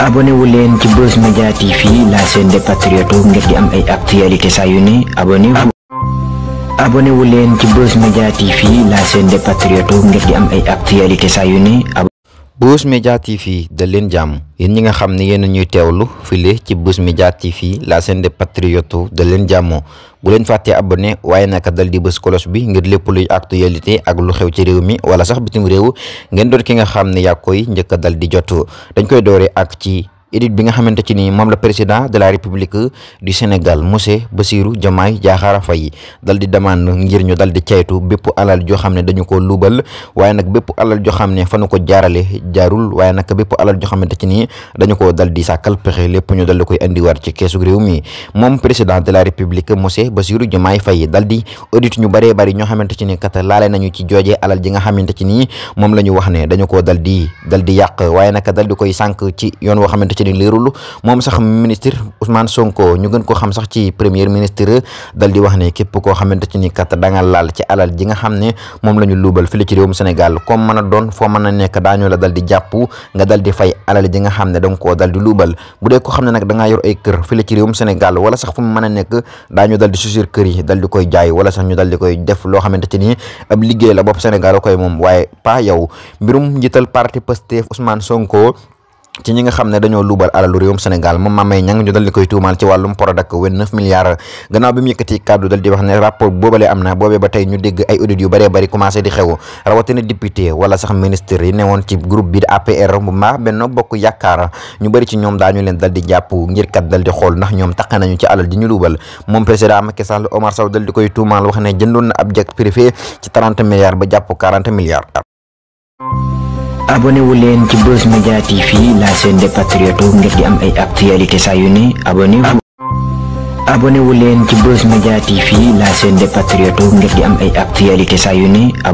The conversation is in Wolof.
abonné wu leen ci Buzz Media TV la seen des patriotes ngir di am ay actualité saa yu ne abonné wu. abonné wu leen ci Buzz Media TV la seen des patriotes ngir di am ay actualité saa yu ne. Buzz Media fii da leen jàmm yéen ñi nga xam ni yéen ñuy teewlu file ci Buzz Media fii la seen des patriotes da leen jàmmoo bu leen fàttee abonné waaye naka dal di bës kolos bi ngir lépp luy actualité ak lu xew ci réew mi wala sax bitim réew ngeen doon ki nga xam ne yaa koy njëkk a dal di jot dañ koy doore ak ci. édite bi nga xamante ci nii moom la président de la république du Sénégal monsieur Bassirou Diomaye Diakhar Faye dal di demande ngir ñu dal di caytu bépp alal joo xam ne dañu ko luubal waaye nag bépp alal joo xam ne fa nu ko jaarale jaarul waaye nag bépp alal joo xamante ci ni dañu ko dal di sàkkal pexe lépp ñu dal di koy andiwaat ci keesu réew mi moom président de la république monsieur Bassirou Diomaye Faye dal di audit ñu bëree bëri ñoo xamante ci ni kat laale nañu ci joojee alal ji nga xamante ci ni moom la ñu wax ne dañu ko dal di dal di yàq waaye nag koy sànq ci yoon woo xamante ci ni leerul moom sax ministre Ousmane Sonko ñu gën koo xam sax ci premier ministre dal di wax ne képp koo xamante ci nii kat da nga laal ci alal ji nga xam ne moom la ñu luubal fii ci réewum Sénégal comme mën a doon foo mën a nekk daañu la dal di jàpp nga dal di fay nga xam ne danga koo dal di luubal bu dee ko xam ne nag da ngaa yor ay kër fii ci réewum Sénégal wala sax fu mu mën a nekk daañu dal di susir kër yi dal di koy jaay wala sax ñu dal di koy def loo xamante ci ni ab liggéey la bopp Sénégal koy moom waaye pa yow mbirum njiital parti Pastef Ousmane sonkoo ci ñi nga xam ne dañoo luubal alalu réewum Sénégal moom Mame Mbaye Niang ñu milliards gannaaw bi mu yëkkati kàddu dal wax ne rapport boobalee am na boobee ba tey ñu dégg ay audit yu bëree bëri commencé di xew rawatina député wala sax ministre yi newoon ci groupe bi APR bu mbaax Bokk Yaakaar ñu bari ci ñoom daa ñu leen dal di jàpp ngir kat dal di xool ndax ñoom taq nañu ci alal ji ñu luubal moom président Macky Sall Omar Sow dal di koy tuumaal wax ne jëndoon na ab jek privé abonné wu leen ci Buzz Media TV la seen des patriotes ngir di am ay actualité saa yu ne abonné wu. abonné wu leen ci Buzz Media TV la seen des patriotes ngir di am ay actualité saa yu ne.